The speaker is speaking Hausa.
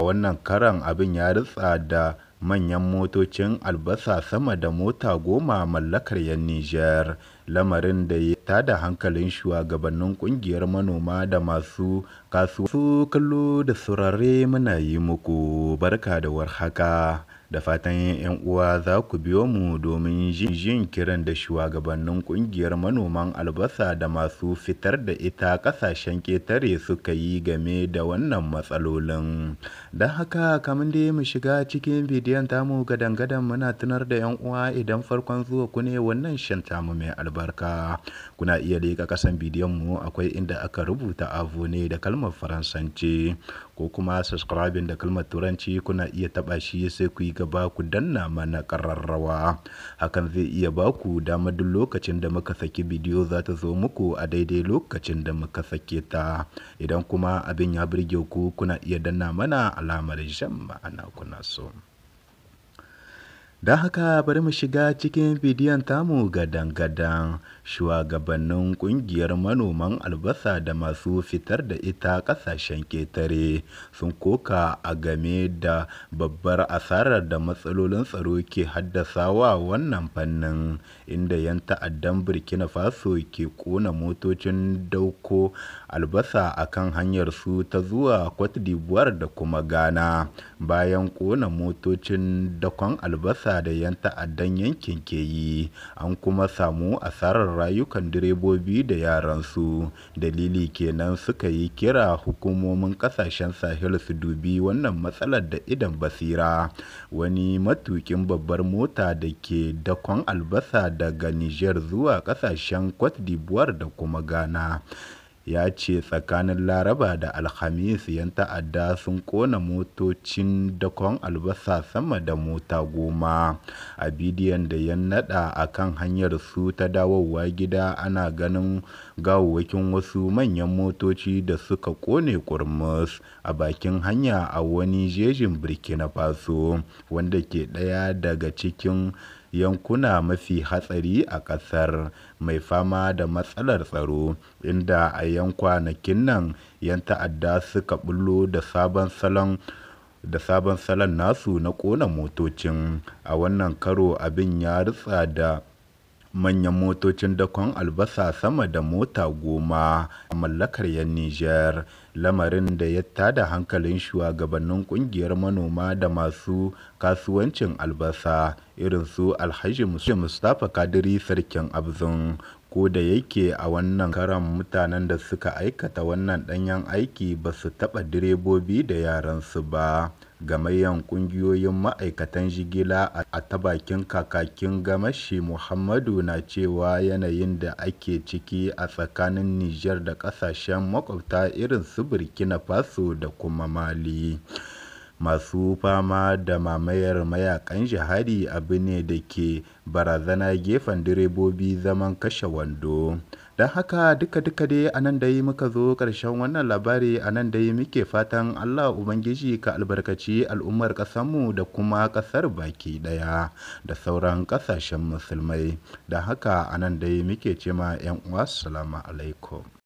A wannan karon abin ya ritsa da manyan motocin Albasa sama da mota goma mallakar 'yan Nijar, lamarin da ya tada hankalin shugabannin ƙungiyar manoma da masu kasuwa. Masu kallo da surare muna yi muku barka da warhaka. Da fatan 'yan uwa za ku biyo mu domin jin kiran da shugabannin kungiyar manoman albasa da masu fitar da ita kasashen ƙetare suka yi game da wannan matsalolin. Don haka kamar dai mu shiga cikin bidiyon tamu gadan-gadan muna tunar da 'yan uwa idan farkon zuwa ku ne wannan shan tamu mai albarka. Kuna iya leƙa ƙasan bidiyon mu akwai inda aka rubuta abu ne da kalmar Faransanci. ko kuma subscribing da kalmar turanci kuna iya taɓa shi sai ku yi gaba ku danna mana ƙararrawa hakan zai iya ba ku dama duk lokacin da muka saki bidiyo za ta zo muku a daidai lokacin da muka sake ta idan kuma abin ya burge ku kuna iya danna mana alamar shan ma'ana kuna so. Da haka bari mu shiga cikin bidiyon tamu gadan-gadan shugabannin kungiyar manoman albasa da masu fitar da ita kasashen ketare sun koka a game da babbar asarar da matsalolin tsaro ke haddasa wa wannan fannin inda yan ta'addan burkina faso ke kona motocin dauko albasa a kan hanyar su ta zuwa cote d'ivoire da kuma ghana bayan kona motocin dakon albasa ta'allaka da 'yan ta'addan yankin ke yi an kuma samu asarar rayukan direbobi da yaran su dalili kenan suka yi kira hukumomin kasashen sahel su dubi wannan matsalar da idan basira wani matukin babbar mota da ke dakon albasa daga niger zuwa kasashen cote d'ivoire da kuma ghana ya ce tsakanin Laraba da Alhamis 'yan ta'adda sun kona motocin dakon albasa sama da mota goma. A bidiyon da ya naɗa a kan hanyar su ta dawowa gida ana ganin gawawwakin wasu manyan motoci da suka kone ƙurmus a bakin hanya a wani jejin Burkina Faso, wanda ke ɗaya daga cikin yankuna mafi hatsari a ƙasar mai fama da matsalar tsaro, inda a 'yan kwanakin nan 'yan ta'adda suka bullo da sabon salon da sabon salon nasu na ƙona motocin. A wannan karo abin ya rutsa da manyan motocin dakon albasa sama da mota goma a mallakar 'yan Nijar, lamarin da ya tada hankalin shugabannin kungiyar manoma da masu kasuwancin albasa irin su Alhaji Mustapha Kadiri Sarkin Abzin ko da yake a wannan karan mutanen da suka aikata wannan ɗanyen aiki ba su taɓa direbobi da yaransu ba, Gamayyar Ƙungiyoyin Ma'aikatan Jigila a ta bakin kakakin Gamashi Muhammadu na cewa yanayin da ake ciki a tsakanin Nijar da ƙasashen makwabta irin su Burkina Faso da kuma Mali. masu fama da mamayar mayakan jihadi abu ne da ke barazana gefen direbobi zaman kashe wando. Don haka duka-duka dai a nan dai muka zo ƙarshen wannan labari a nan dai muke fatan Allah Ubangiji ka albarkaci al'ummar ƙasarmu da kuma ƙasar baki ɗaya da sauran ƙasashen musulmai. Don haka a nan dai muke cema 'yan uwa salamu alaikum.